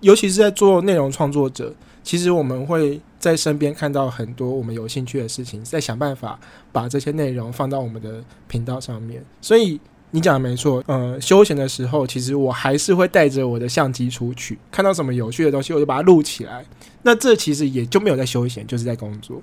尤其是在做內容創作者，其實我們會在身邊看到很多我們有興趣的事情，在想辦法把這些內容放到我們的頻道上面。所以你講的沒錯，呃，休閒的時候，其實我還是會帶着我的相機出去，看到什麼有趣的東西，我就把它錄起來。那這其實也就沒有在休閒，就是在工作。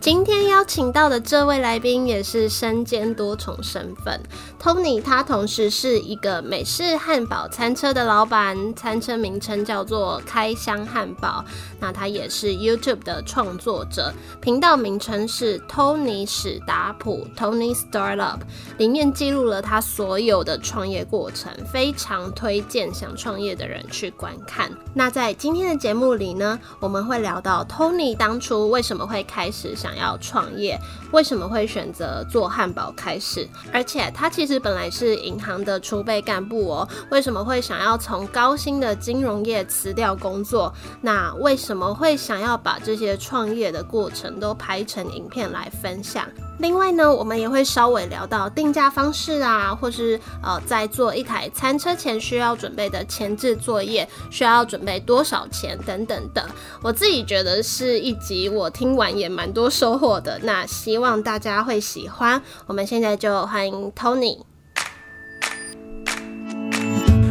今天邀請到的這位來賓也是身兼多重身份，Tony 他同時是一個美式漢堡餐車的老闆，餐車名稱叫做開箱漢堡。那他也是 YouTube 的創作者，頻道名稱是 Tony 史達普 （Tony Startup），裡面記錄了他所有的創業過程，非常推薦想創業的人去觀看。那在今天的節目裡呢，我們會聊到 Tony 當初為什麼會開始想。想要創業，為什麼會選擇做漢堡開始？而且他其實本來是銀行的儲備幹部喔。為什麼會想要從高薪的金融業辭掉工作？那為什麼會想要把這些創業的過程都拍成影片來分享？另外呢，我們也會稍微聊到定價方式啊，或是呃，在做一台餐車前需要準備的前置作業，需要準備多少錢等等的。我自己覺得是一集，我聽完也蠻多事。收穫的，那希望大家會喜歡。我們現在就歡迎 Tony。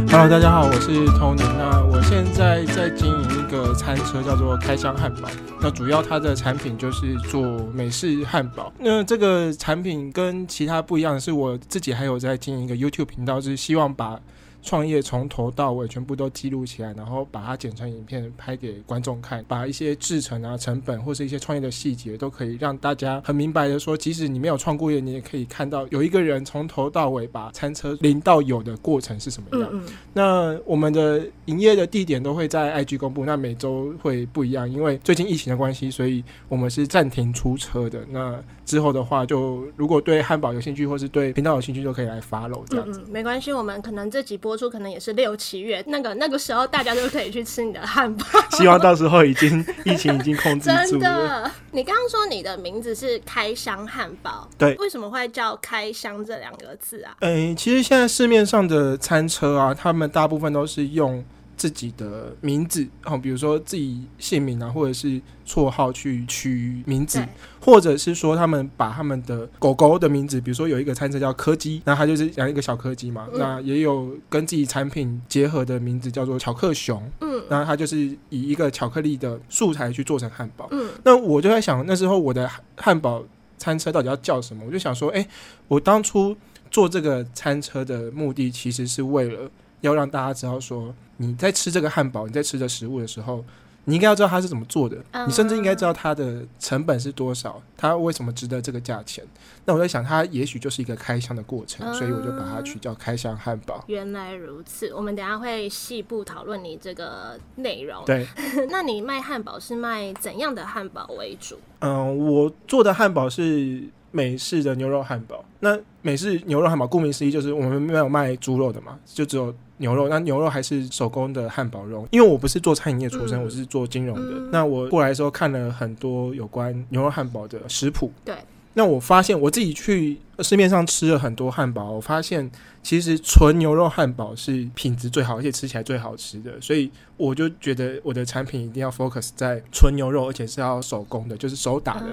Hello，大家好，我是 Tony。那我現在在經營一個餐車，叫做開箱漢堡。那主要它的產品就是做美式漢堡。那這個產品跟其他不一樣的是，我自己還有在經營一個 YouTube 頻道，就是希望把創業從頭到尾全部都記錄起來，然後把它剪成影片拍給觀眾看，把一些製程啊、成本或是一些創業的細節，都可以讓大家很明白的說，即使你沒有創過業，你也可以看到有一個人從頭到尾把餐車零到有的過程是什麼樣。嗯嗯。那我們的營業的地點都會在 IG 公布，那每周會不一樣，因為最近疫情的關係，所以我們是暫停出車的。那之後的話，就如果對漢堡有興趣或是對頻道有興趣，都可以來 follow。嗯嗯，沒關係，我們可能這幾部。播出可能也是六七月，那個那個時候，大家就可以去吃你的漢堡。希望到時候已經 疫情已經控制住了。真的，你剛剛說你的名字是開箱漢堡，對？為什麼會叫開箱這兩個字啊？嗯、欸，其實現在市面上的餐車啊，他們大部分都是用。自己的名字哦，比如說自己姓名啊，或者是綽號去取名字，對或者是說他們把他們的狗狗的名字，比如說有一個餐車叫柯基，那他就是養一個小柯基嘛。嗯、那也有跟自己產品結合的名字叫做巧克熊，嗯，然後他就是以一個巧克力的素材去做成漢堡。嗯，那我就在想，那時候我的漢堡餐車到底要叫什麼？我就想說，誒、欸，我當初做這個餐車的目的，其實是為了要讓大家知道說。你在吃這個漢堡，你在吃這食物的時候，你應該要知道它是怎麼做的，嗯、你甚至應該知道它的成本是多少，它為什麼值得這個價錢。那我在想，它也許就是一個開箱的過程，嗯、所以我就把它取叫開箱漢堡。原來如此，我們等下會細部討論你這個內容。對， 那你賣漢堡是賣怎樣的漢堡為主？嗯，我做的漢堡是。美式的牛肉漢堡，那美式牛肉漢堡顧名思義就是我們沒有賣豬肉的嘛，就只有牛肉。那牛肉還是手工的漢堡肉，因為我不是做餐飲業出身，嗯、我是做金融的。嗯、那我過來的時候看了很多有關牛肉漢堡的食譜，對，那我發現我自己去。市面上吃了很多漢堡，我發現其實純牛肉漢堡是品質最好，而且吃起來最好吃的，所以我就覺得我的產品一定要 focus 在純牛肉，而且是要手工的，就是手打的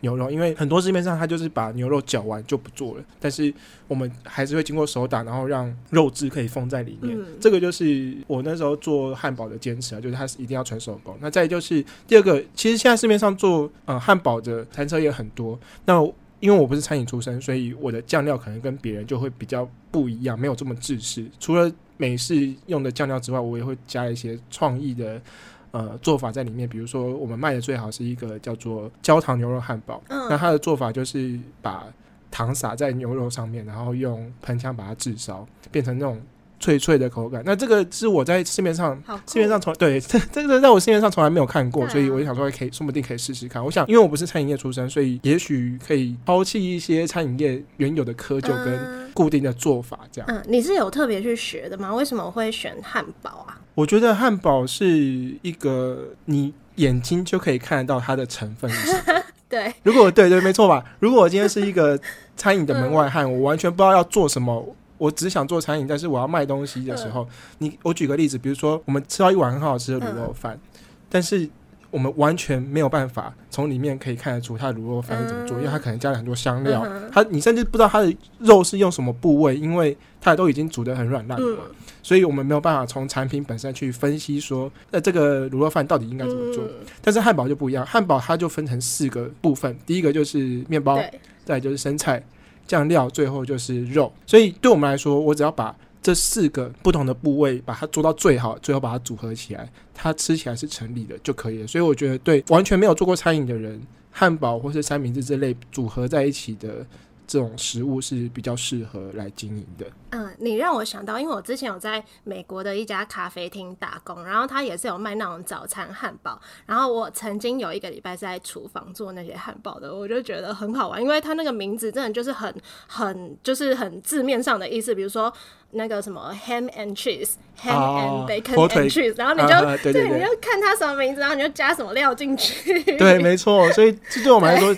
牛肉。嗯、因為很多市面上它就是把牛肉攪完就不做了，但是我們還是會經過手打，然後讓肉汁可以封在裡面。嗯、這個就是我那時候做漢堡的堅持啊，就是它是一定要純手工。那再來就是第二個，其實現在市面上做呃漢堡的餐車也很多，那。因為我不是餐飲出身，所以我的醬料可能跟別人就會比較不一樣，沒有這麼制式。除了美式用的醬料之外，我也會加一些創意的，呃，做法在裡面。比如說，我們賣的最好是一個叫做焦糖牛肉漢堡，嗯、那它的做法就是把糖撒在牛肉上面，然後用噴槍把它炙燒，變成那種。脆脆的口感，那這個是我在市面上酷市面上從對這這個在我市面上從來沒有看過，啊、所以我就想說可以說不定可以試試看。我想，因為我不是餐飲業出身，所以也許可以拋棄一些餐飲業原有的窠臼跟固定的做法，這樣嗯。嗯，你是有特別去學的嗎？為什麼我會選漢堡啊？我覺得漢堡是一個你眼睛就可以看得到它的成分 對。對，如果對對沒錯吧？如果我今天是一個餐飲的門外漢，嗯、我完全不知道要做什麼。我只想做餐飲，但是我要賣東西的時候，嗯、你我舉個例子，比如說我們吃到一碗很好吃的滷肉飯，嗯、但是我們完全沒有辦法從裡面可以看得出它的滷肉飯是怎麼做，嗯、因為它可能加了很多香料，嗯嗯、它你甚至不知道它的肉是用什麼部位，因為它都已經煮得很軟爛了，嗯、所以我們沒有辦法從產品本身去分析說，那這個滷肉飯到底應該怎麼做。嗯、但是漢堡就不一樣，漢堡它就分成四個部分，第一個就是麵包，對再來就是生菜。醬料最後就是肉，所以對我們來說，我只要把這四個不同的部位把它做到最好，最後把它組合起來，它吃起來是成立的就可以了。所以我覺得，對完全沒有做過餐飲的人，漢堡或是三明治之類組合在一起的。這種食物是比較適合來經營的。嗯，你讓我想到，因為我之前有在美國的一家咖啡廳打工，然後他也是有賣那種早餐漢堡。然後我曾經有一個禮拜是在廚房做那些漢堡的，我就覺得很好玩，因為他那個名字真的就是很、很、就是很字面上的意思。比如說那個什麼 ham and cheese，ham、啊、and bacon 腿 and cheese，然後你就啊啊對，對，對，對，你就看他什麼名字，然後你就加什麼料進去。對，沒錯。所以這對我們來說。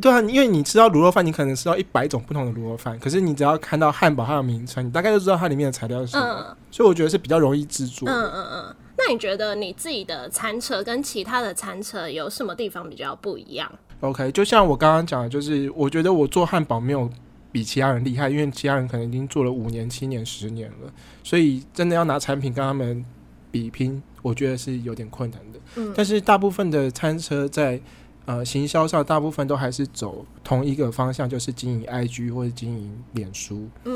對啊，因為你吃到滷肉飯，你可能吃到一百種不同的滷肉飯，可是你只要看到漢堡它的名稱，你大概就知道它裡面的材料是什麼。嗯、所以我覺得是比較容易制作嗯。嗯嗯嗯。那你覺得你自己的餐車跟其他的餐車有什麼地方比較不一樣？OK，就像我剛剛講的，就是我覺得我做漢堡沒有比其他人厲害，因為其他人可能已經做了五年、七年、十年了，所以真的要拿產品跟他們比拼，我覺得是有點困難的。嗯。但是大部分的餐車在。呃，行銷上大部分都還是走同一個方向，就是經營 IG 或者經營臉書。嗯，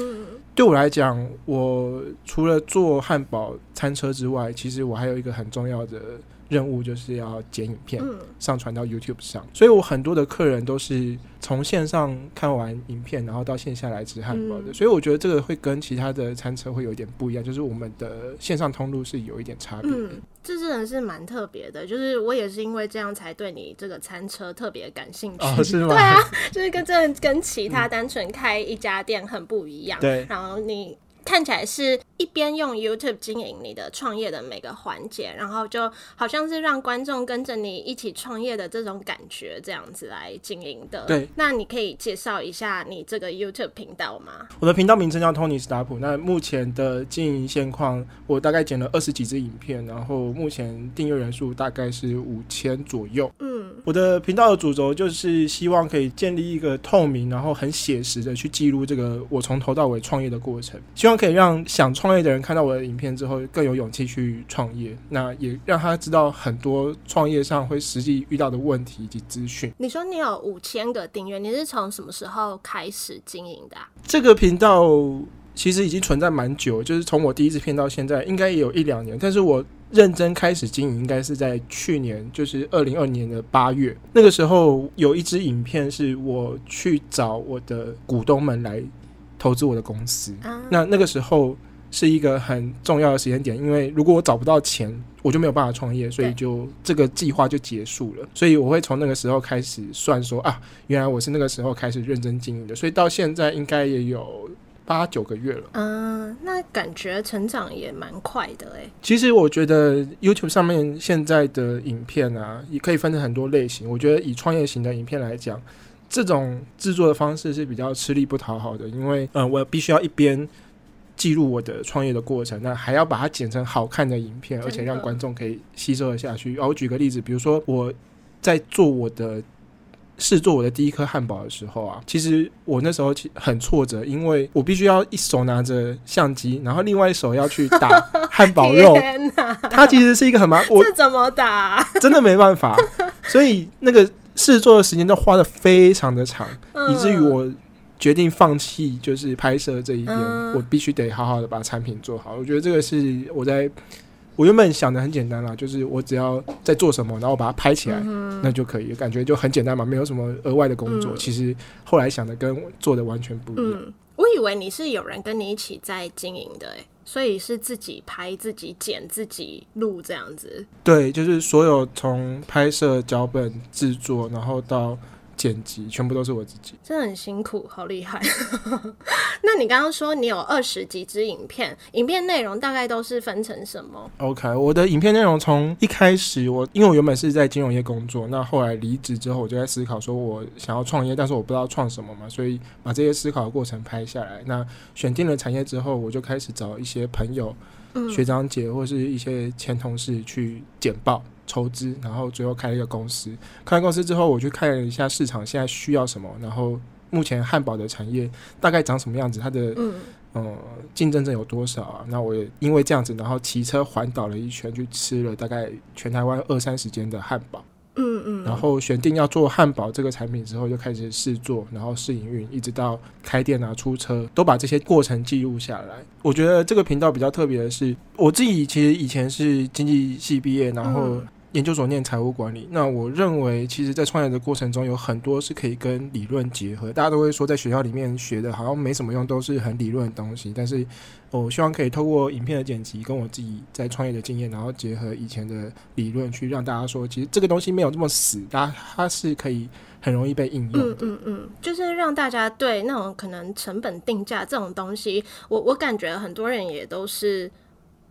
對我來講，我除了做漢堡餐車之外，其實我還有一個很重要的。任務就是要剪影片，嗯、上傳到 YouTube 上，所以我很多的客人都是從線上看完影片，然後到線下來吃漢堡的，嗯、所以我覺得這個會跟其他的餐車會有一點不一樣，就是我們的線上通路是有一點差別，嗯，這真的是蠻特別的，就是我也是因為這樣才對你這個餐車特別感興趣。哦，是嗎？對啊，就是跟這跟其他單純開一家店很不一樣。嗯、對，然後你。看起來是一邊用 YouTube 經營你的創業的每個環節，然後就好像是讓觀眾跟着你一起創業的這種感覺，這樣子來經營的。對，那你可以介紹一下你這個 YouTube 頻道嗎？我的頻道名稱叫 Tony's Startup。那目前的經營現況，我大概剪了二十幾支影片，然後目前訂閱人數大概是五千左右。嗯，我的頻道的主軸就是希望可以建立一個透明，然後很寫實的去記錄這個我從頭到尾創業的過程，希望。可以讓想創業的人看到我的影片之後更有勇氣去創業，那也讓他知道很多創業上會實際遇到的問題以及資訊。你說你有五千個訂閱，你是從什麼時候開始經營的啊？這個頻道其實已經存在蠻久，就是從我第一支片到現在，應該也有一兩年。但是我認真開始經營，應該是在去年，就是二零二二年的八月。那個時候有一支影片，是我去找我的股東們來，投資我的公司，啊、那那個時候是一個很重要的時間點，因為如果我找不到錢，我就沒有辦法創業，所以就這個計劃就結束了。對所以我會從那個時候開始算說，說啊，原來我是那個時候開始認真經營的，所以到現在應該也有八九個月了。嗯、啊，那感覺成長也蠻快的誒、欸，其實我覺得 YouTube 上面現在的影片啊，也可以分成很多類型。我覺得以創業型的影片來講。這種制作的方式是比較吃力不討好的，因為，嗯、呃，我必須要一邊記錄我的創業的過程，那還要把它剪成好看的影片，而且讓觀眾可以吸收得下去的、啊。我舉個例子，比如說我在做我的試做我的第一顆漢堡的時候啊，其實我那時候很挫折，因為我必須要一手拿着相機，然後另外一手要去打漢堡肉。它 天啊、其實是一個很麻煩，我是怎麼打？真的沒辦法， 所以那個。試做的時間都花得非常的長，嗯、以至於我決定放棄，就是拍攝這一邊。嗯、我必須得好好的把產品做好。我覺得這個是我在我原本想的很簡單啦，就是我只要在做什麼，然後我把它拍起來，嗯、哼那就可以，感覺就很簡單嘛，沒有什麼額外的工作。嗯、其實後來想的跟做的完全不一樣、嗯。我以為你是有人跟你一起在經營的、欸，哎。所以是自己拍、自己剪、自己錄這樣子。對，就是所有從拍攝、腳本製作，然後到剪輯全部都是我自己，真的很辛苦，好厲害。 那你剛剛說你有二十幾支影片，影片內容大概都是分成什麼？OK，我的影片內容從一開始我，我因為我原本是在金融業工作，那後來離職之後，我就在思考說我想要創業，但是我不知道創什麼嘛，所以把這些思考的過程拍下來。那選定了產業之後，我就開始找一些朋友、嗯、學長姐或是一些前同事去簡報。籌資，然後最後開了一個公司。開完公司之後，我去看了一下市場現在需要什麼，然後目前漢堡的產業大概長什麼樣子，它的嗯嗯競爭者有多少啊？那我也因為這樣子，然後騎車環島了一圈，去吃了大概全台灣二三十間的漢堡。然後選定要做漢堡這個產品之後，就開始試做，然後試營運，一直到開店啊、出車，都把這些過程記錄下來。我覺得這個頻道比較特別的是，我自己其實以前是經濟系畢業，然後。研究所念財務管理，那我認為，其實，在創業的過程中，有很多是可以跟理論結合。大家都會說，在學校裡面學的，好像沒什麼用，都是很理論的東西。但是，我希望可以透過影片的剪輯，跟我自己在創業的經驗，然後結合以前的理論，去讓大家說，其實這個東西沒有這麼死，它、它是可以很容易被應用的。嗯嗯嗯，就是讓大家對那種可能成本定價這種東西，我、我感覺很多人也都是。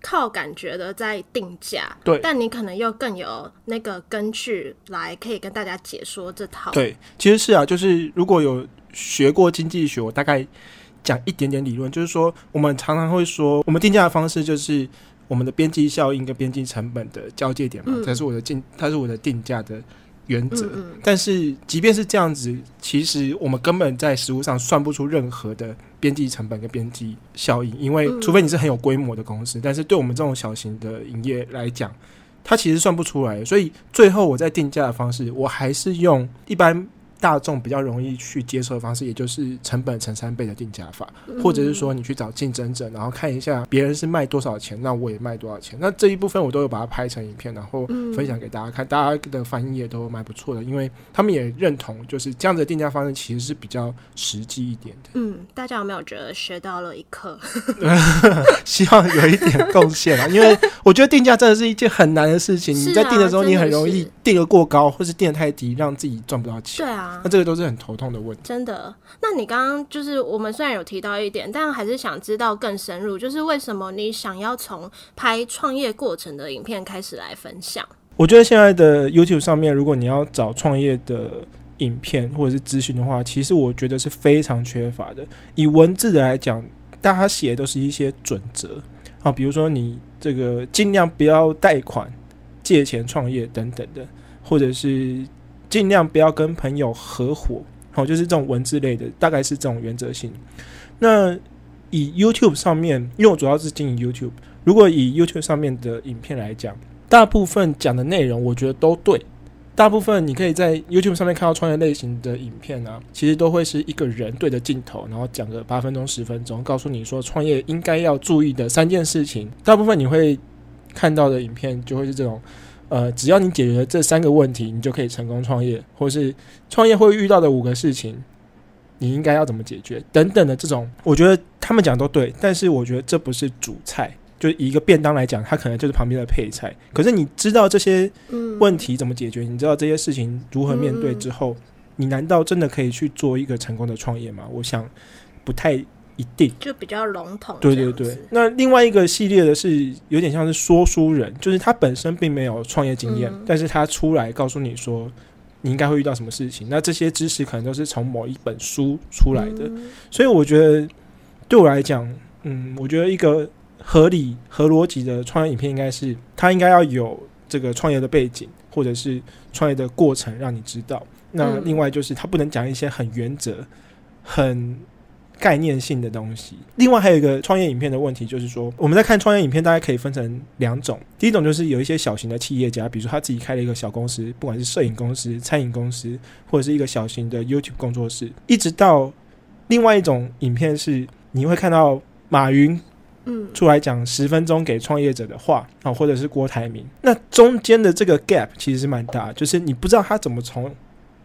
靠感覺的在定價，對，但你可能又更有那個根據來可以跟大家解說這套。對，其實是啊，就是如果有學過經濟學，我大概講一點點理論，就是說我們常常會說，我們定價的方式就是我們的邊際效應跟邊際成本的交界點嘛，才、嗯、是我的定，它是我的定價的原則。嗯嗯，但是即便是這樣子，其實我們根本在實物上算不出任何的。邊際成本跟邊際效應，因為除非你是很有規模的公司，但是對我們這種小型的營業來講，它其實算不出來。所以最後我在定價的方式，我還是用一般。大眾比較容易去接受的方式，也就是成本乘三倍的定價法，嗯、或者是說你去找競爭者，然後看一下別人是賣多少錢，那我也賣多少錢。那這一部分我都有把它拍成影片，然後分享給大家看。嗯、大家的反應也都蠻不錯的，因為他們也認同，就是這樣子的定價方式其實是比較實際一點的。嗯，大家有沒有覺得學到了一課？ 希望有一點貢獻啊，因為我覺得定價真的是一件很難的事情。啊、你在定的時候，你很容易定得過高，或是定得太低，讓自己賺不到錢。對啊。那這個都是很頭痛的問題。真的？那你剛剛就是我們雖然有提到一點，但還是想知道更深入，就是為什麼你想要從拍創業過程的影片開始來分享？我覺得現在的 YouTube 上面，如果你要找創業的影片或者是資訊的話，其實我覺得是非常缺乏的。以文字的來講，大家寫的都是一些準則啊，比如說你這個盡量不要貸款借錢創業等等的，或者是。盡量不要跟朋友合夥，然後、哦、就是這種文字類的，大概是這種原則性。那以 YouTube 上面，因為我主要是經營 YouTube，如果以 YouTube 上面的影片來講，大部分講的內容我覺得都對。大部分你可以在 YouTube 上面看到創業類型的影片啊，其實都會是一個人對着鏡頭，然後講個八分鐘、十分鐘，告訴你說創業應該要注意的三件事情。大部分你會看到的影片就會是這種。呃，只要你解決了這三個問題，你就可以成功創業，或是創業會遇到的五個事情，你應該要怎麼解決等等的這種，我覺得他們講都對，但是我覺得這不是主菜，就以一個便當來講，它可能就是旁邊的配菜。可是你知道這些問題怎麼解決，嗯、你知道這些事情如何面對之後，你難道真的可以去做一個成功的創業嗎？我想不太。一定就比較籠統。對對對，那另外一個系列的是有點像是說書人，就是他本身並沒有創業經驗，嗯、但是他出來告訴你說你應該會遇到什麼事情。那這些知識可能都是從某一本書出來的，嗯、所以我覺得對我來講，嗯，我覺得一個合理、合邏輯的創業影片應該是，他應該要有這個創業的背景，或者是創業的過程讓你知道。那另外就是他不能講一些很原則、很。概念性的東西。另外還有一個創業影片的問題，就是說我們在看創業影片，大家可以分成兩種。第一種就是有一些小型的企業家，比如說他自己開了一個小公司，不管是攝影公司、餐飲公司，或者是一個小型的 YouTube 工作室。一直到另外一種影片是你會看到馬雲，嗯，出來講十分鐘給創業者的話啊，或者是郭台銘。那中間的這個 gap 其實是蠻大，就是你不知道他怎麼從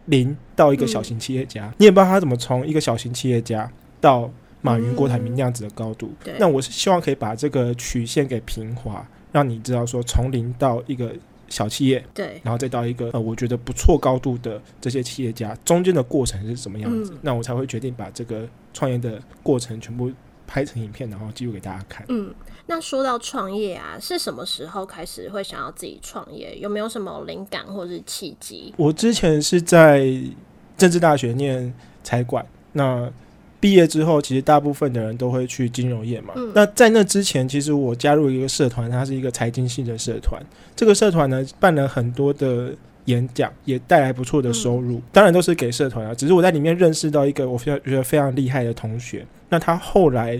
零到一個小型企業家，你也不知道他怎麼從一個小型企業家。到馬雲、郭台銘那樣子的高度，嗯，對，那我是希望可以把這個曲線給平滑，讓你知道說從零到一個小企業，對，然後再到一個呃我覺得不錯高度的這些企業家，中間的過程是什麼樣子，嗯，那我才會決定把這個創業的過程全部拍成影片，然後記錄給大家看。嗯，那說到創業啊，是什麼時候開始會想要自己創業？有沒有什麼靈感或是契機？我之前是在政治大學念財管，那。畢業之後，其實大部分的人都會去金融業嘛。嗯、那在那之前，其實我加入一個社團，它是一個財經性的社團。這個社團呢，辦了很多的演講，也帶來不錯的收入。嗯、當然都是給社團啊，只是我在裡面認識到一個我非常覺得非常厲害的同學。那他後來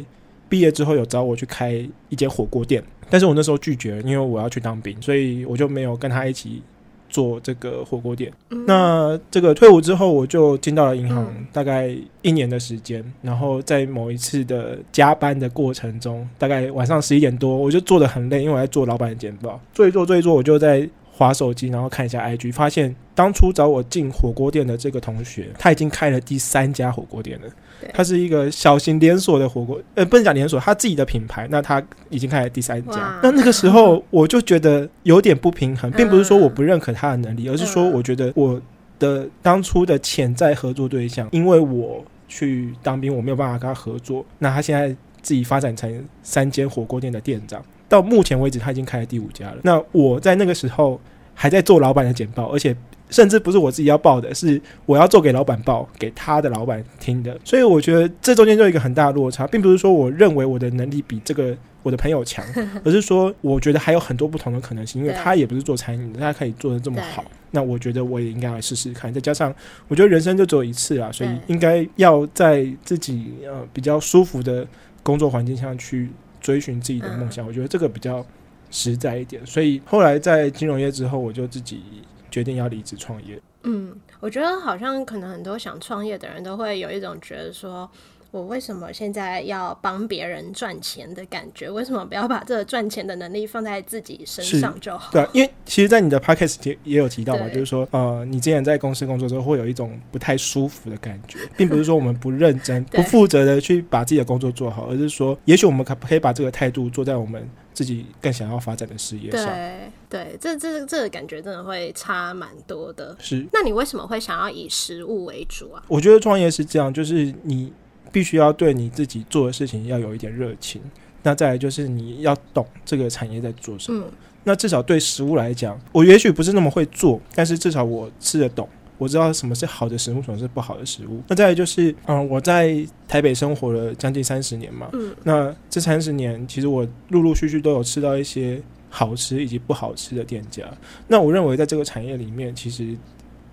畢業之後有找我去開一間火鍋店，但是我那時候拒絕了，因為我要去當兵，所以我就沒有跟他一起。做這個火鍋店，那這個退伍之後，我就進到了銀行，大概一年的時間。然後在某一次的加班的過程中，大概晚上十一點多，我就做得很累，因為我在做老闆的簡報，做一做，做一做，我就在滑手機，然後看一下 IG，發現當初找我進火鍋店的這個同學，他已經開了第三家火鍋店了。對他是一個小型連鎖的火鍋，呃，不能講連鎖，他自己的品牌。那他已經開了第三家。哇那那個時候我就覺得有點不平衡，並不是說我不認可他的能力，嗯、而是說我覺得我的當初的潛在合作對象，因為我去當兵，我沒有辦法跟他合作。那他現在自己發展成三間火鍋店的店長。到目前為止，他已經開了第五家了。那我在那個時候還在做老板的簡報，而且甚至不是我自己要報的，是我要做給老板報，給他的老板聽的。所以我覺得這中間就有一個很大的落差，並不是說我認為我的能力比這個我的朋友強，而是說我覺得還有很多不同的可能性，因為他也不是做餐飲，他可以做得這麼好。那我覺得我也應該來試試看。再加上我覺得人生就只有一次啊，所以應該要在自己呃比較舒服的工作環境下去。追尋自己的夢想，嗯、我覺得這個比較實在一點。所以後來在金融業之後，我就自己決定要離職創業。嗯，我覺得好像可能很多想創業的人都會有一種覺得說。我為什麼現在要幫別人賺錢的感覺？為什麼不要把這個賺錢的能力放在自己身上就好？對，因為其實，在你的 podcast 也也有提到嘛，對就是說，呃，你之前在公司工作的時候會有一種不太舒服的感覺，並不是說我們不認真、 對不負責的去把自己的工作做好，而是說，也許我們可不可以把這個態度做在我們自己更想要發展的事業上。對，對，這這這個感覺真的會差蠻多的。是，那你為什麼會想要以食物為主啊？我覺得創業是這樣，就是你。必須要對你自己做的事情要有一點熱情，那再來就是你要懂這個產業在做什麼。嗯、那至少對食物來講，我也許不是那麼會做，但是至少我吃得懂，我知道什麼是好的食物，什麼是不好的食物。那再來就是，嗯，我在台北生活了將近三十年嘛，嗯、那這三十年其實我陸陸續續都有吃到一些好吃以及不好吃的店家。那我認為在這個產業裡面，其實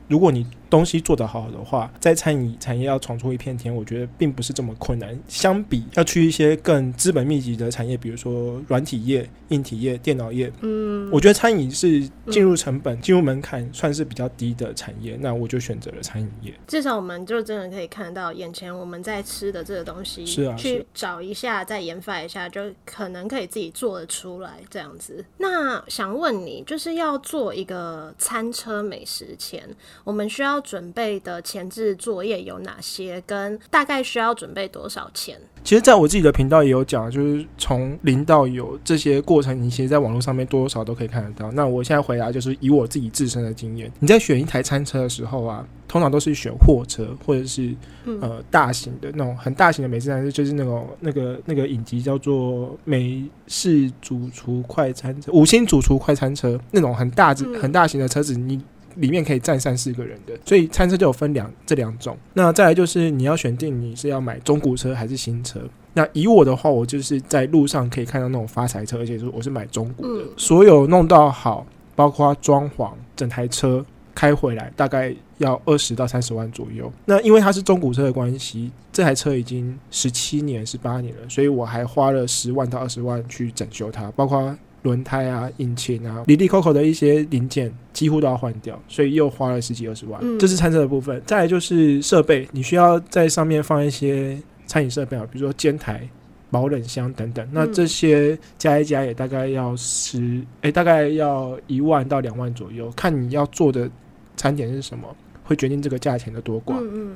如果你東西做得好，好的話，在餐飲產業要闖出一片天，我覺得並不是這麼困難。相比要去一些更資本密集的產業，比如說軟體業、硬體業、電腦業，嗯，我覺得餐飲是進入成本、進、嗯、入門檻算是比較低的產業。那我就選擇了餐飲業。至少我們就真的可以看到眼前我們在吃的這個東西，是啊，去找一下，是啊、再研發一下，就可能可以自己做得出來這樣子。那想問你，就是要做一個餐車美食前，我們需要。準備的前置作業有哪些？跟大概需要準備多少錢？其實，在我自己的頻道也有講，就是從零到有這些過程，你其實在網絡上面多多少少都可以看得到。那我現在回答就是以我自己自身的經驗，你在選一台餐車的時候啊，通常都是選貨車或者是呃大型的那種很大型的美食餐車，就是那種那個那個影集叫做美式主廚快餐車、五星主廚快餐車那種很大隻，嗯、很大型的車子，你，裡面可以站三四個人的，所以餐車就有分兩、這兩種。那再來就是你要選定你是要買中古車還是新車。那以我的話，我就是在路上可以看到那種發財車，而且是我是買中古的。嗯、所有弄到好，包括裝潢，整台車開回來大概要二十到三十萬左右。那因為它是中古車的關係，這台車已經十七年十八年了，所以我還花了十萬到二十萬去整修它，包括。輪胎啊，引擎啊哩哩摳摳的一些零件幾乎都要換掉，所以又花了十幾二十萬。這、嗯嗯、是餐車的部分，再來就是設備，你需要在上面放一些餐飲設備啊，比如說煎台、保冷箱等等。那這些加一加也大概要十，誒，大概要一萬到兩萬左右，看你要做的餐點是什麼，會決定這個價錢的多寡。嗯，嗯，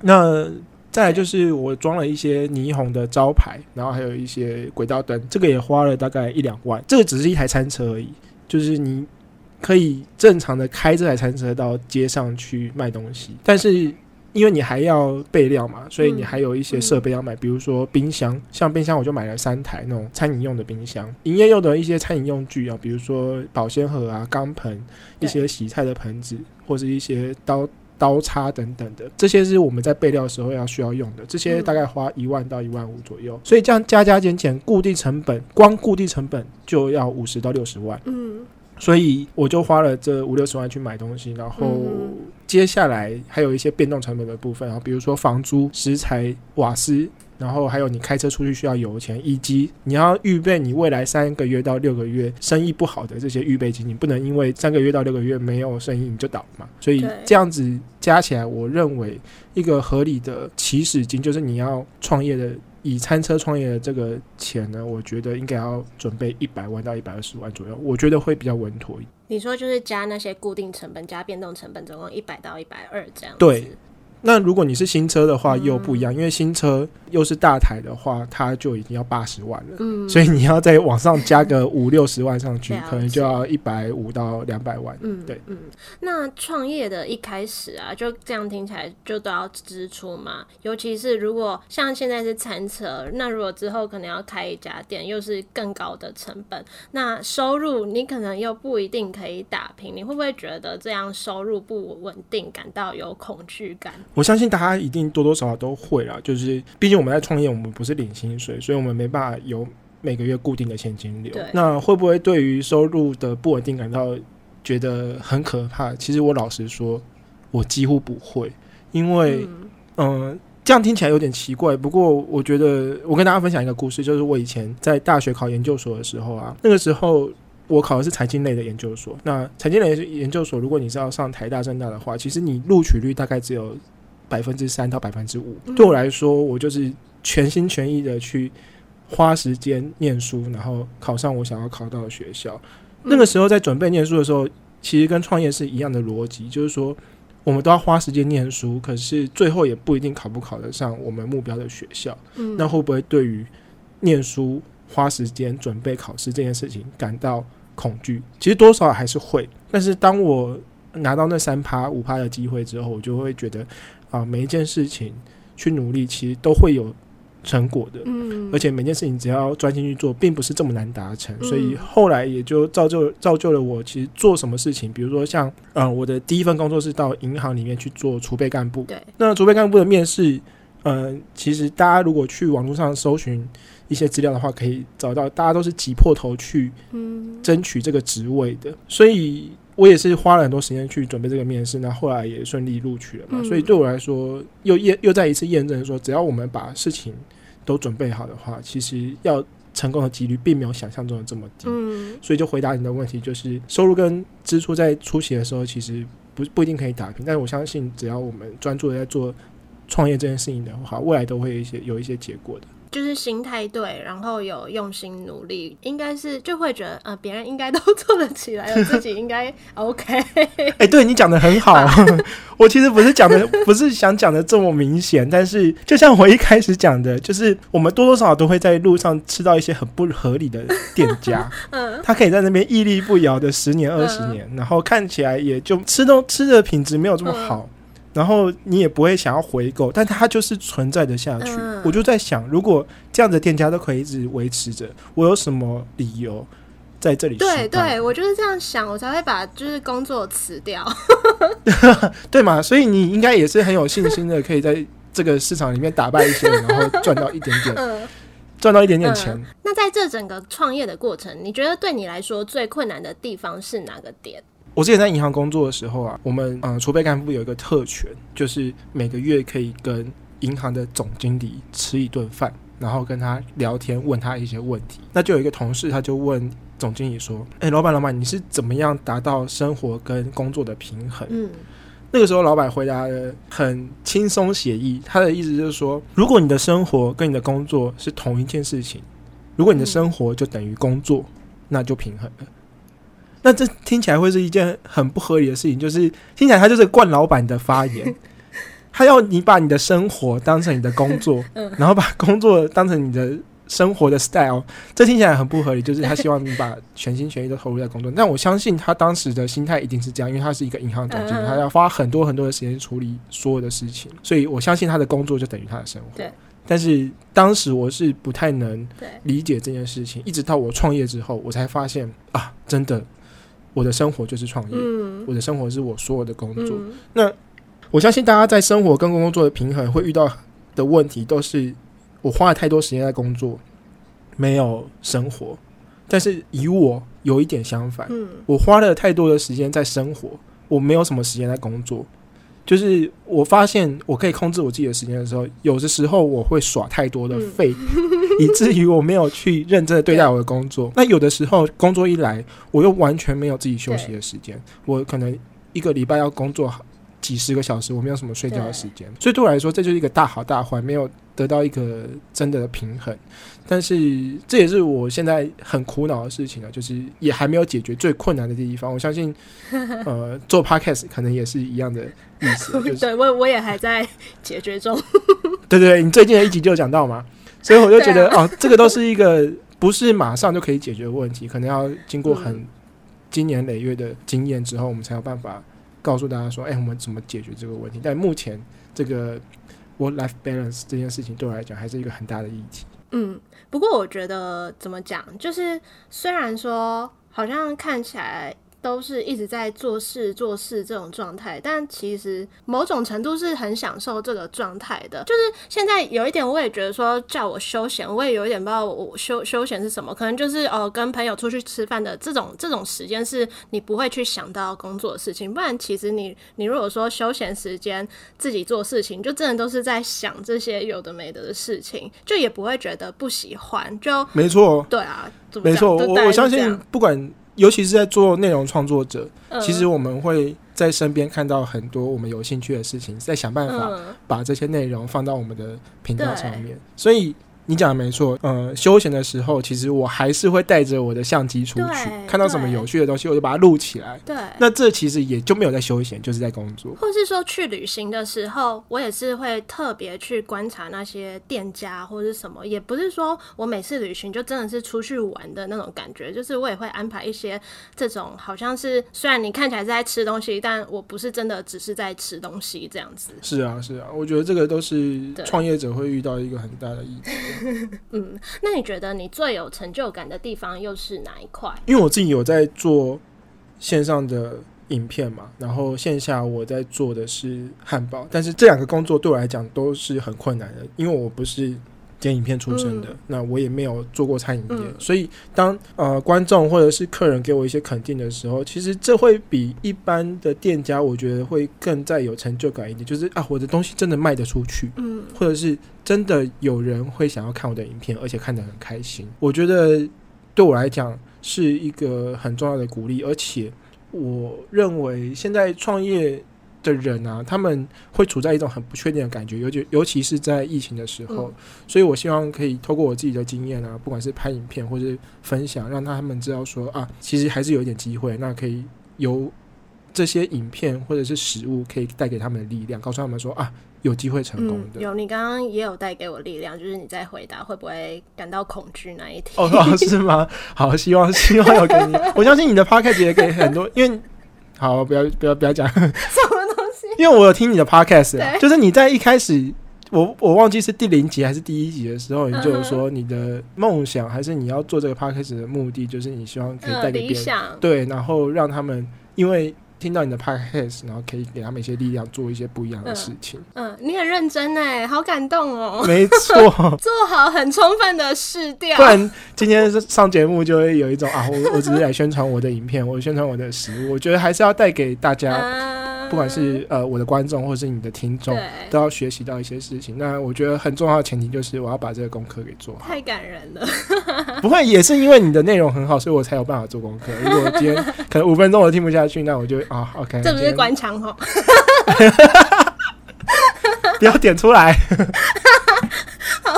那。再來就是我裝了一些霓虹的招牌，然後還有一些軌道燈，這個也花了大概一兩萬。這個只是一台餐車而已，就是你可以正常的開這台餐車到街上去賣東西。但是因為你還要備料嘛，所以你還有一些設備要買，嗯、比如說冰箱，嗯、像冰箱我就買了三台那種餐飲用的冰箱。營業用的一些餐飲用具啊，比如說保鮮盒啊、鋼盆、一些洗菜的盆子，對或是一些刀。刀叉等等的，這些是我們在備料的時候要需要用的，這些大概花一萬到一萬五左右，嗯，所以這樣加加減減，固定成本光固定成本就要五十到六十萬，嗯，所以我就花了這五六十萬去買東西，然後接下來還有一些變動成本的部分，啊，比如說房租、食材、瓦斯，然後還有你開車出去需要油錢，以及你要預備你未來三個月到六個月生意不好的這些預備金。你不能因為三個月到六個月沒有生意你就倒嘛，所以這樣子。加起來，我認為一個合理的起始金就是你要創業的，以餐車創業的這個錢呢，我覺得應該要準備一百萬到一百二十萬左右，我覺得會比較穩妥。你說就是加那些固定成本加變動成本，總共一百到一百二這樣子。對。那如果你是新車的話又不一樣，嗯、因為新車又是大台的話，它就已經要八十萬了，嗯，所以你要再往上加個五六十萬上去，了解。可能就要一百五到兩百萬，嗯，對，嗯，那創業的一開始啊，就這樣聽起來就都要支出嘛，尤其是如果像現在是餐車，那如果之後可能要開一家店，又是更高的成本，那收入你可能又不一定可以打拼，你會不會覺得這樣收入不穩定，感到有恐懼感？我相信大家一定多多少少都會啦，就是畢竟我們在創業，我們不是領薪水，所以我們沒辦法有每個月固定的現金流。對那會不會對於收入的不穩定感到覺得很可怕？其實我老實說，我幾乎不會，因為嗯、呃，這樣聽起來有點奇怪，不過我覺得我跟大家分享一個故事，就是我以前在大學考研究所的時候啊，那個時候我考的是財經類的研究所。那財經類研究所，如果你是要上台大、政大的話，其實你錄取率大概只有。百分之三到百分之五，對我來說，我就是全心全意地去花時間念書，然後考上我想要考到的學校。那個時候在準備念書的時候，其實跟創業是一樣的邏輯，就是說我們都要花時間念書，可是最後也不一定考不考得上我們目標的學校。那會不會對於念書、花時間準備考試這件事情感到恐懼？其實多少還是會，但是當我拿到那三趴、五趴的機會之後，我就會覺得。啊，每一件事情去努力，其實都會有成果的。嗯，而且每件事情只要專心去做，並不是這麼難達成。嗯、所以後來也就造就造就了我，其實做什麼事情，比如說像嗯、呃，我的第一份工作是到銀行裡面去做儲備幹部。對那儲備幹部的面試，嗯、呃，其實大家如果去網絡上搜尋一些資料的話，可以找到大家都是擠破頭去爭取這個職位的。嗯、所以。我也是花了很多時間去準備這個面試，那後，後來也順利錄取了嘛。嗯、所以對我來說，又驗又再一次驗證說，只要我們把事情都準備好的話，其實要成功的幾率並沒有想象中的這麼低。嗯、所以就回答你的問題，就是收入跟支出在初期的時候，其實不不一定可以打平，但是我相信，只要我們專注在做創業這件事情的話，未來都會有一些有一些結果的。就是心態對，然後有用心努力，應該是就會覺得，呃，別人應該都做得起來， 自己應該 OK。哎、欸，對，你講的很好，啊、 我其實不是講的，不是想講的這麼明顯，但是就像我一開始講的，就是我們多多少少都會在路上吃到一些很不合理的店家， 嗯，他可以在那邊屹立不搖的十年二十、嗯、年，然後看起來也就吃東吃的品質沒有這麼好。嗯。然後你也不會想要回購，但它就是存在的下去。嗯、我就在想，如果這樣的店家都可以一直維持着，我有什麼理由在這裡對對，對，我就是這樣想，我才會把就是工作辭掉。 對嘛？所以你應該也是很有信心的，可以在這個市場裡面打敗一些人， 然後賺到一點點，嗯、賺到一點點錢、嗯。那在這整個創業的過程，你覺得對你來說最困難的地方是哪個點？我之前在銀行工作的時候啊，我們嗯、呃，儲備幹部有一個特權，就是每個月可以跟銀行的總經理吃一頓飯，然後跟他聊天，問他一些問題。那就有一個同事，他就問總經理說：“哎、欸，老闆，老闆，你是怎麼樣達到生活跟工作的平衡？”嗯，那個時候老闆回答的很輕鬆寫意，他的意思就是說：如果你的生活跟你的工作是同一件事情，如果你的生活就等於工作，嗯、那就平衡了。那這聽起來會是一件很不合理的事情，就是聽起來他就是慣老板的發言，他要你把你的生活當成你的工作，然後把工作當成你的生活的 style，這聽起來很不合理，就是他希望你把全心全意都投入在工作。對 但我相信他當時的心態一定是這樣，因為他是一個銀行總經理，他要花很多很多的時間處理所有的事情，所以我相信他的工作就等於他的生活。對 但是當時我是不太能理解這件事情，對 一直到我創業之後，我才發現啊，真的。我的生活就是創業，嗯、我的生活是我所有的工作。嗯、那我相信大家在生活跟工作的平衡會遇到的問題，都是我花了太多時間在工作，沒有生活。但是以我有一點相反，嗯、我花了太多的時間在生活，我沒有什麼時間在工作。就是我發現我可以控制我自己的時間的時候，有的時候我會耍太多的廢，嗯、以至於我沒有去認真的對待我的工作。對 那有的時候工作一來，我又完全沒有自己休息的時間。對 我可能一個禮拜要工作幾十個小時，我沒有什麼睡覺的時間，對所以對我來說，這就是一個大好大壞，沒有得到一個真的平衡。但是這也是我現在很苦惱的事情啊，就是也還沒有解決最困難的地方。我相信，呃，做 podcast 可能也是一樣的意思、啊。就是、 對，我我也還在解決中 。對，對對，你最近的一集就有講到嘛。所以我就覺得，啊、哦，這個都是一個不是馬上就可以解決的問題，可能要經過很經年累月的經驗之後，我們才有辦法。告訴大家說，哎、欸，我們怎麼解決這個問題？但目前這個 work-life balance 這件事情對我來講還是一個很大的議題。嗯，不過我覺得怎麼講，就是雖然說好像看起來，都是一直在做事、做事這種狀態，但其實某種程度是很享受這個狀態的。就是現在有一點，我也覺得說叫我休閒，我也有一點不知道我休休閒是什麼。可能就是哦、呃，跟朋友出去吃飯的這種這種時間，是你不會去想到工作的事情。不然，其實你你如果說休閒時間自己做事情，就真的都是在想這些有的沒的的事情，就也不會覺得不喜歡。就沒錯、嗯，對啊，沒錯，我我相信不管。尤其是在做內容創作者，嗯、其實我們會在身邊看到很多我們有興趣的事情，在想辦法把這些內容放到我們的頻道上面，對所以。你講的沒錯，嗯、呃，休閒的時候，其實我還是會帶着我的相機出去，對看到什麼有趣的東西，對我就把它錄起來。對，那這其實也就沒有在休閒，就是在工作。或是說去旅行的時候，我也是會特別去觀察那些店家或者什麼，也不是說我每次旅行就真的是出去玩的那種感覺，就是我也會安排一些這種，好像是雖然你看起來是在吃東西，但我不是真的只是在吃東西這樣子。是啊，是啊，我覺得這個都是創業者會遇到一個很大的議題。 嗯，那你覺得你最有成就感的地方又是哪一塊？因為我自己有在做線上的影片嘛，然後線下我在做的是漢堡，但是這兩個工作對我來講都是很困難的，因為我不是。剪影片出身的，嗯、那我也沒有做過餐飲業，嗯、所以當呃觀眾或者是客人給我一些肯定的時候，其實這會比一般的店家，我覺得會更再有成就感一點。就是啊，我的東西真的賣得出去，或者是真的有人會想要看我的影片，而且看得很開心。我覺得對我來講是一個很重要的鼓勵，而且我認為現在創業。的人啊，他們會處在一種很不確定的感覺，尤其尤其是在疫情的時候。嗯、所以，我希望可以透過我自己的經驗啊，不管是拍影片或者分享，讓他們知道說啊，其實還是有一點機會。那可以由這些影片或者是食物，可以帶給他們的力量，告訴他們說啊，有機會成功的，嗯。有，你剛剛也有帶給我力量，就是你在回答會不會感到恐懼那一題。哦，是嗎？好，希望希望有給你。 我相信你的 podcast 也給很多， 因為好，不要不要不要講。 因為我有聽你的 podcast 對就是你在一開始，我我忘記是第零集還是第一集的時候，你就有說你的夢想還是你要做這個 podcast 的目的，就是你希望可以帶給別人，呃、理想對，然後讓他們因為聽到你的 podcast，然後可以給他們一些力量，做一些不一樣的事情。嗯、呃呃，你很認真哎，好感動哦。沒錯錯， 做好很充分的市調，不然今天上節目就會有一種啊，我我只是來宣傳我的影片， 我宣傳我的食物，我覺得還是要帶給大家。呃不管是呃我的觀眾，或者是你的聽眾，對都要學習到一些事情。那我覺得很重要的前提就是，我要把這個功課給做好。太感人了， 不會也是因為你的內容很好，所以我才有辦法做功課。如果 今天可能五分鐘我都聽不下去，那我就啊，OK。這不是官場哈， 不要點出來。 好，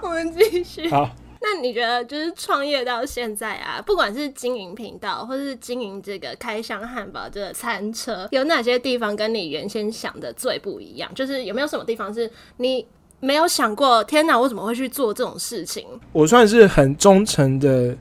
我們繼續。好。那你覺得，就是創業到現在啊，不管是經營頻道，或是經營這個開箱漢堡這個餐車，有哪些地方跟你原先想的最不一樣？就是有沒有什麼地方是你沒有想過？天哪，我怎麼會去做這種事情？我算是很忠誠的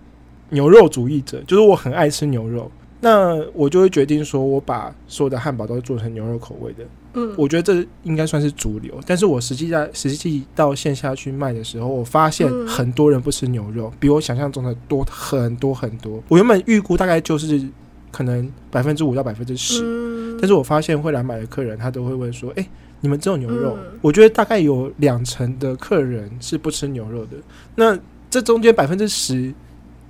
牛肉主義者，就是我很愛吃牛肉。那我就會決定說，我把所有的漢堡都做成牛肉口味的。嗯，我覺得這應該算是主流。但是我實際在實際到線下去賣的時候，我發現很多人不吃牛肉，比我想象中的多很多很多。我原本預估大概就是可能百分之五到百分之十，但是我發現會來買的客人，他都會問說：“哎，你們只有牛肉？”我覺得大概有兩成的客人是不吃牛肉的。那這中間百分之十，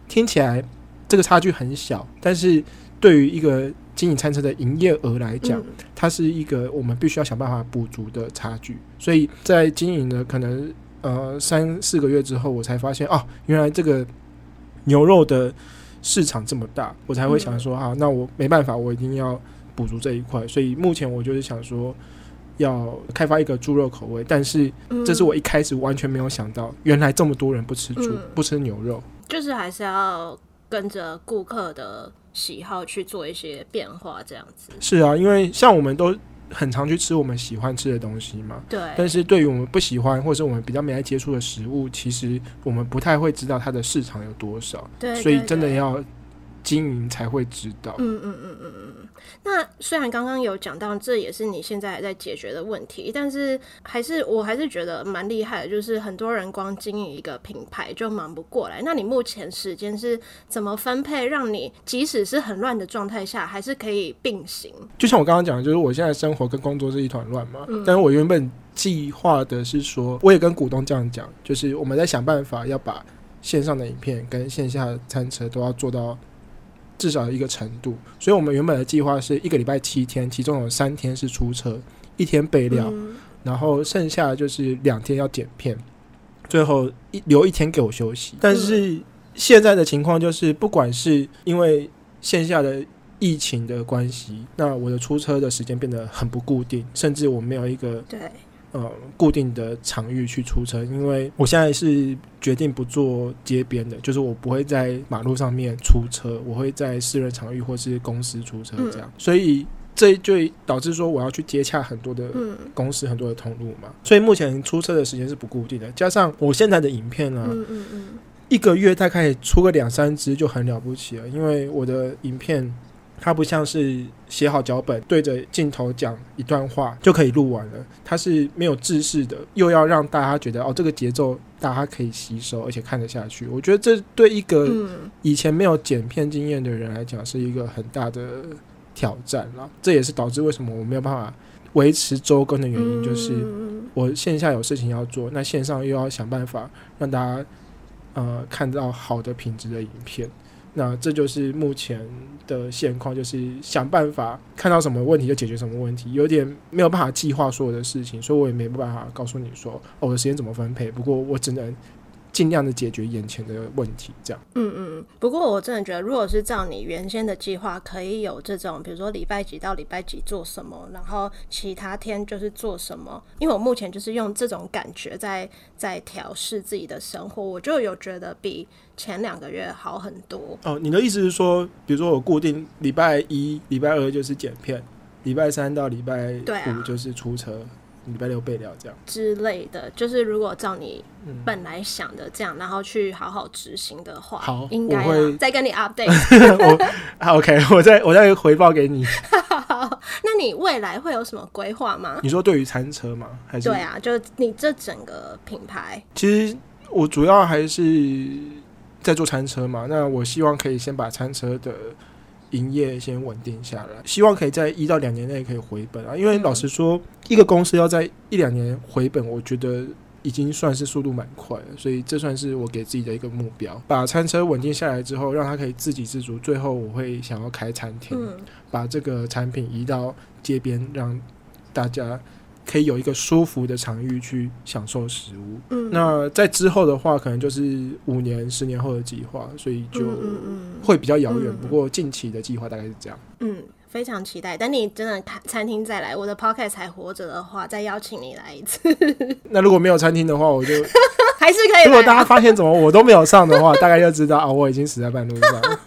聽起來。這個差距很小，但是對於一個經營餐車的營業額來講，嗯、它是一個我們必須要想辦法補足的差距。所以在經營了可能呃三四個月之後，我才發現哦、啊，原來這個牛肉的市場這麼大，我才會想說、嗯、啊，那我沒辦法，我一定要補足這一塊。所以目前我就是想說，要開發一個豬肉口味，但是這是我一開始完全沒有想到，原來這麼多人不吃豬，嗯、不吃牛肉，就是還是要。跟着顧客的喜好去做一些變化，這樣子是啊，因為像我們都很常去吃我們喜歡吃的東西嘛，對。但是對於我們不喜歡或者是我們比較沒來接觸的食物，其實我們不太會知道它的市場有多少，對，對，對。所以真的要經營才會知道，嗯嗯嗯嗯嗯。嗯嗯那雖然剛剛有講到，這也是你現在在解決的問題，但是還是我還是覺得蠻厲害的。就是很多人光經營一個品牌就忙不過來，那你目前時間是怎麼分配，讓你即使是很亂的狀態下，還是可以並行？就像我剛剛講的，就是我現在生活跟工作是一團亂嘛。嗯、但是我原本計劃的是說，我也跟股東這樣講，就是我們在想辦法要把線上的影片跟線下的餐車都要做到。至少一個程度，所以我們原本的計劃是一個禮拜七天，其中有三天是出車，一天備料，嗯、然後剩下就是兩天要剪片，最後一留一天給我休息。嗯、但是現在的情況就是，不管是因為線下的疫情的關係，那我的出車的時間變得很不固定，甚至我沒有一個，對。呃，固定的場域去出車，因為我現在是決定不做街邊的，就是我不會在馬路上面出車，我會在私人場域或是公司出車這樣，嗯、所以這就導致說我要去接洽很多的公司、很多的通路嘛，嗯、所以目前出車的時間是不固定的，加上我現在的影片啊，嗯嗯嗯、一個月大概出個兩三支就很了不起了，因為我的影片。它不像是寫好腳本對着鏡頭講一段話就可以錄完了，它是沒有制式的，又要讓大家覺得哦，這個節奏大家可以吸收而且看得下去。我覺得這對一個以前沒有剪片經驗的人來講是一個很大的挑戰了。嗯、這也是導致為什麼我沒有辦法維持周更的原因，就是我線下有事情要做，那線上又要想辦法讓大家呃看到好的品質的影片。那這就是目前的現況，就是想辦法看到什麼問題就解決什麼問題，有點沒有辦法計劃所有的事情，所以我也沒辦法告訴你說，哦，我的時間怎麼分配。不過我只能盡量的解決眼前的問題，這樣。嗯嗯，不過我真的覺得，如果是照你原先的計劃，可以有這種，比如說禮拜幾到禮拜幾做什麼，然後其他天就是做什麼。因為我目前就是用這種感覺在在調適自己的生活，我就有覺得比前兩個月好很多。哦，你的意思是說，比如說我固定禮拜一、禮拜二就是剪片，禮拜三到禮拜五就是出車。禮拜六備料這樣之類的，就是如果照你本來想的這樣，嗯、然後去好好執行的話，好，應該會再跟你 update。 我 、啊、OK，我再我再回報給你。那你未來會有什麼規劃嗎？你說對於餐車嗎？還是？對啊，就是你這整個品牌。其實我主要還是在做餐車嘛，那我希望可以先把餐車的。營業先穩定下來，希望可以在一到兩年內可以回本啊！因為老實說，嗯、一個公司要在一兩年回本，我覺得已經算是速度蠻快了，所以這算是我給自己的一個目標。把餐車穩定下來之後，讓它可以自給自足，最後我會想要開餐廳，嗯、把這個產品移到街邊，讓大家。可以有一個舒服的場域去享受食物。嗯，那在之後的話，可能就是五年、十年後的計劃，所以就會比較遙遠。嗯嗯嗯，不過近期的計劃大概是這樣。嗯。非常期待，等你真的餐廳再來，我的 podcast 才活着的話，再邀請你來一次。 那如果沒有餐廳的話，我就 還是可以。如果大家發現怎麼我都沒有上的話， 大概就知道啊，我已經死在半路上了。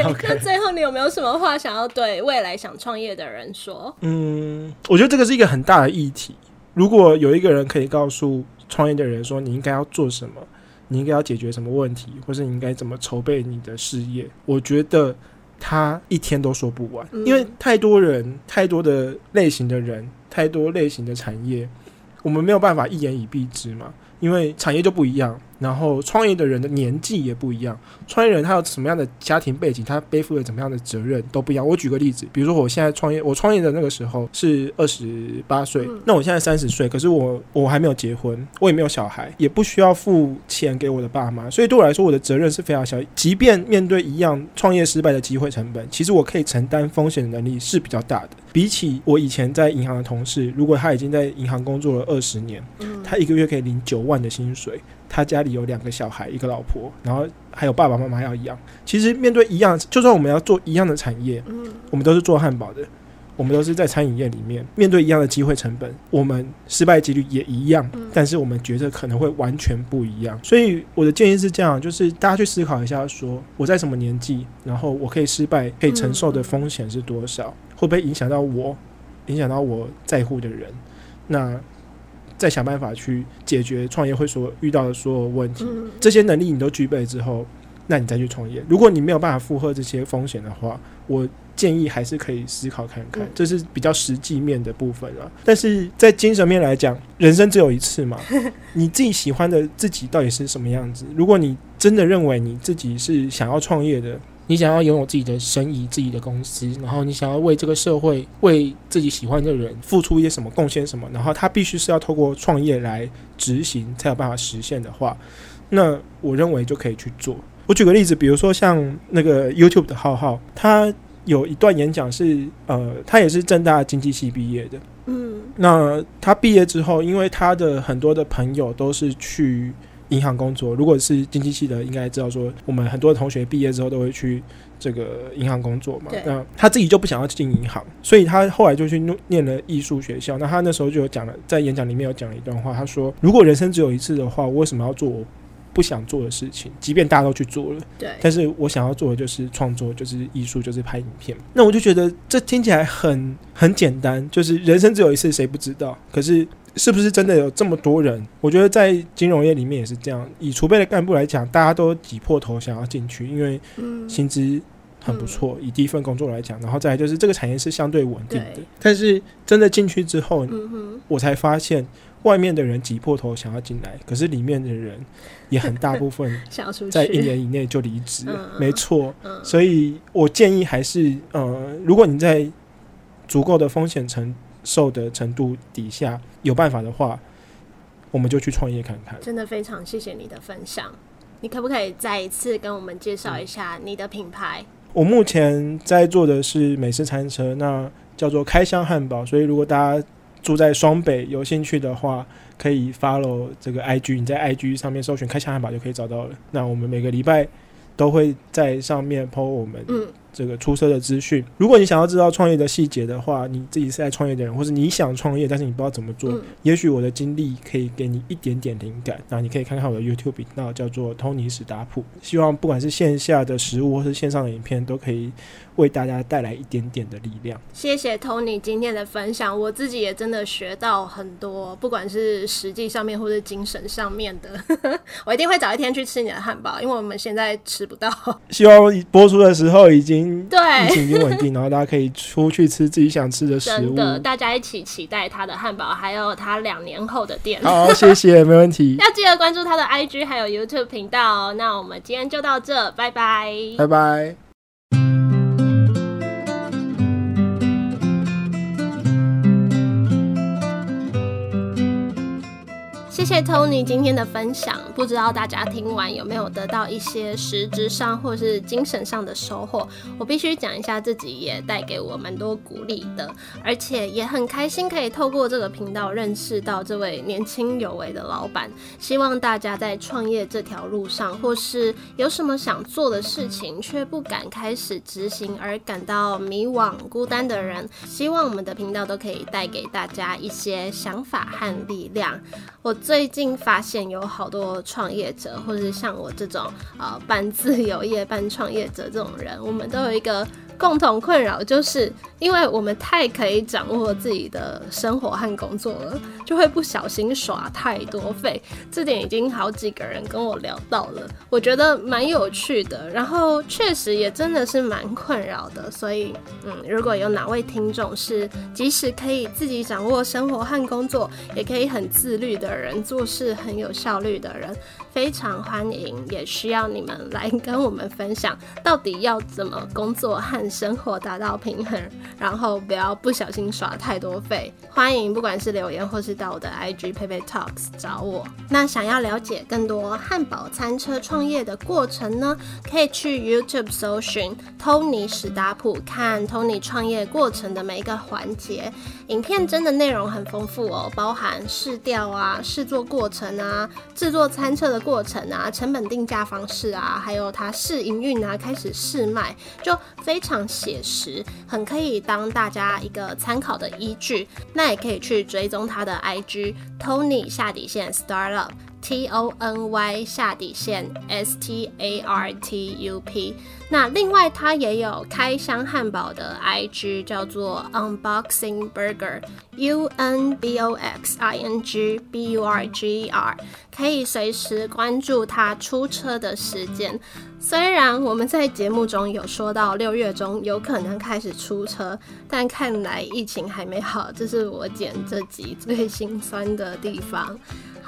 那最後你有沒有什麼話想要對未來想創業的人說？嗯，我覺得這個是一個很大的議題。如果有一個人可以告訴創業的人說，你應該要做什麼，你應該要解決什麼問題，或是你應該怎麼籌備你的事業，我覺得。他一天都說不完，因為太多人、太多的類型的人、太多類型的產業，我們沒有辦法一言以蔽之嘛，因為產業就不一樣。然後創業的人的年紀也不一樣，創業人他有什麼樣的家庭背景，他背負了怎麼樣的責任都不一樣。我舉個例子，比如說我現在創業，我創業的那個時候是二十八歲，那我現在三十歲，可是我我還沒有結婚，我也沒有小孩，也不需要付錢給我的爸媽，所以對我來說，我的責任是非常小。即便面對一樣創業失敗的機會成本，其實我可以承擔風險的能力是比較大的。比起我以前在銀行的同事，如果他已經在銀行工作了二十年，他一個月可以領九萬的薪水，他家裡有兩個小孩，一個老婆，然後還有爸爸媽媽要養。其實面對一樣，就算我們要做一樣的產業，我們都是做漢堡的，我們都是在餐飲業裡面面對一樣的機會成本，我們失敗幾率也一樣，但是我們覺得可能會完全不一樣。所以我的建議是這樣，就是大家去思考一下，說我在什麼年紀，然後我可以失敗，可以承受的風險是多少。會不會影響到我？影響到我在乎的人？那再想辦法去解決創業會所遇到的所有問題。這些能力你都具備了之後，那你再去創業。如果你沒有辦法負荷這些風險的話，我建議還是可以思考看看。這是比較實際面的部分了。但是在精神面來講，人生只有一次嘛。你自己喜歡的自己到底是什麼樣子？如果你真的認為你自己是想要創業的。你想要擁有自己的生意、自己的公司，然後你想要為這個社會、為自己喜歡的人付出一些什麼貢獻什麼，然後他必須是要透過創業來執行才有辦法實現的話，那我認為就可以去做。我舉個例子，比如說像那個 YouTube 的浩浩，他有一段演講是，呃，他也是政大經濟系畢業的，嗯，那他畢業之後，因為他的很多的朋友都是去銀行工作，如果是經濟系的，應該知道說，我們很多的同學畢業之後都會去這個銀行工作嘛。對那他自己就不想要進銀行，所以他後來就去念了藝術學校。那他那時候就有講了，在演講裡面有講了一段話，他說：“如果人生只有一次的話，我為什麼要做我不想做的事情？即便大家都去做了，對，但是我想要做的就是創作，就是藝術，就是拍影片。那我就覺得這聽起來很很簡單，就是人生只有一次，誰不知道？可是。”是不是真的有這麼多人？我覺得在金融業裡面也是這樣。以儲備的幹部來講，大家都擠破頭想要進去，因為薪資很不錯。嗯嗯、以第一份工作來講，然後再來就是這個產業是相對穩定的。對但是真的進去之後，嗯、哼我才發現外面的人擠破頭想要進來，可是裡面的人也很大部分在一年以內就離職。呵呵嗯、沒錯，所以我建議還是呃，如果你在足夠的風險承受的程度底下。有辦法的話，我們就去創業看看。真的非常謝謝你的分享。你可不可以再一次跟我們介紹一下你的品牌？嗯。我目前在做的是美式餐車，那叫做開箱漢堡。所以如果大家住在雙北有興趣的話，可以 follow 這個 IG。你在 IG 上面搜尋開箱漢堡就可以找到了。那我們每個禮拜都會在上面 po 我們。嗯。這個出車的資訊。如果你想要知道創業的細節的話，你自己是在創業的人，或是你想創業，但是你不知道怎麼做，嗯、也許我的經歷可以給你一點點靈感。那你可以看看我的 YouTube 頻道，叫做偷尼史達普。希望不管是線下的食物，或是線上的影片，都可以為大家帶來一點點的力量。謝謝 Tony 今天的分享，我自己也真的學到很多，不管是實際上面或是精神上面的。呵呵我一定會找一天去吃你的漢堡，因為我們現在吃不到。希望播出的時候已經。疫情已經穩定，然後大家可以出去吃自己想吃的食物。真的，大家一起期待他的漢堡，還有他兩年後的店。 好啊，謝謝，沒問題。要記得關注他的 IG 還有 YouTube 頻道哦。那我們今天就到這，拜拜，拜拜。謝謝 Tony 今天的分享，不知道大家聽完有沒有得到一些實質上或是精神上的收穫。我必須講一下，自己也帶給我蠻多鼓勵的，而且也很開心可以透過這個頻道認識到這位年輕有為的老闆。希望大家在創業這條路上，或是有什麼想做的事情卻不敢開始執行而感到迷惘、孤單的人，希望我們的頻道都可以帶給大家一些想法和力量。我最最近發現有好多創業者，或是像我這種呃半自由業、半創業者這種人，我們都有一個共同困擾就是，因為我們太可以掌握自己的生活和工作了，就會不小心耍太多廢。這點已經好幾個人跟我聊到了，我覺得蠻有趣的，然後確實也真的是蠻困擾的。所以，嗯，如果有哪位聽眾是即使可以自己掌握生活和工作，也可以很自律的人，做事很有效率的人。非常歡迎，也需要你們來跟我們分享到底要怎麼工作和生活達到平衡，然後不要不小心耍太多廢。歡迎，不管是留言或是到我的 IG peipeitalks 找我。那想要了解更多漢堡餐車創業的過程呢，可以去 YouTube 搜尋偷尼史達普，看 Tony 創業過程的每一個環節。影片真的內容很豐富哦，包含市調啊、試做過程啊、製作餐車的。過程啊，成本定價方式啊，還有他試營運啊，開始試賣，就非常寫實，很可以當大家一個參考的依據。那也可以去追蹤他的 IG，Tony 下底線 Startup。T O N Y 下底線 S T A R T U P。那另外，他也有開箱漢堡的 IG，叫做 Unboxing Burger，U N B O X I N G B U R G E R。G、R，可以隨時關注他出車的時間。雖然我們在節目中有說到六月中有可能開始出車，但看來疫情還沒好，這是我剪這集最心酸的地方。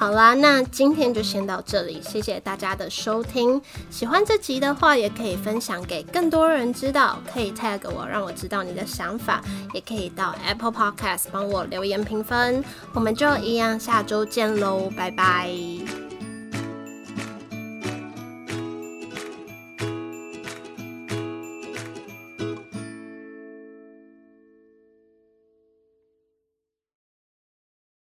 好啦，那今天就先到這裡，謝謝大家的收聽。喜歡這集的話，也可以分享給更多人知道，可以 tag 我，讓我知道你的想法，也可以到 Apple Podcast 幫我留言評分。我們就一樣，下週見嘍，拜拜。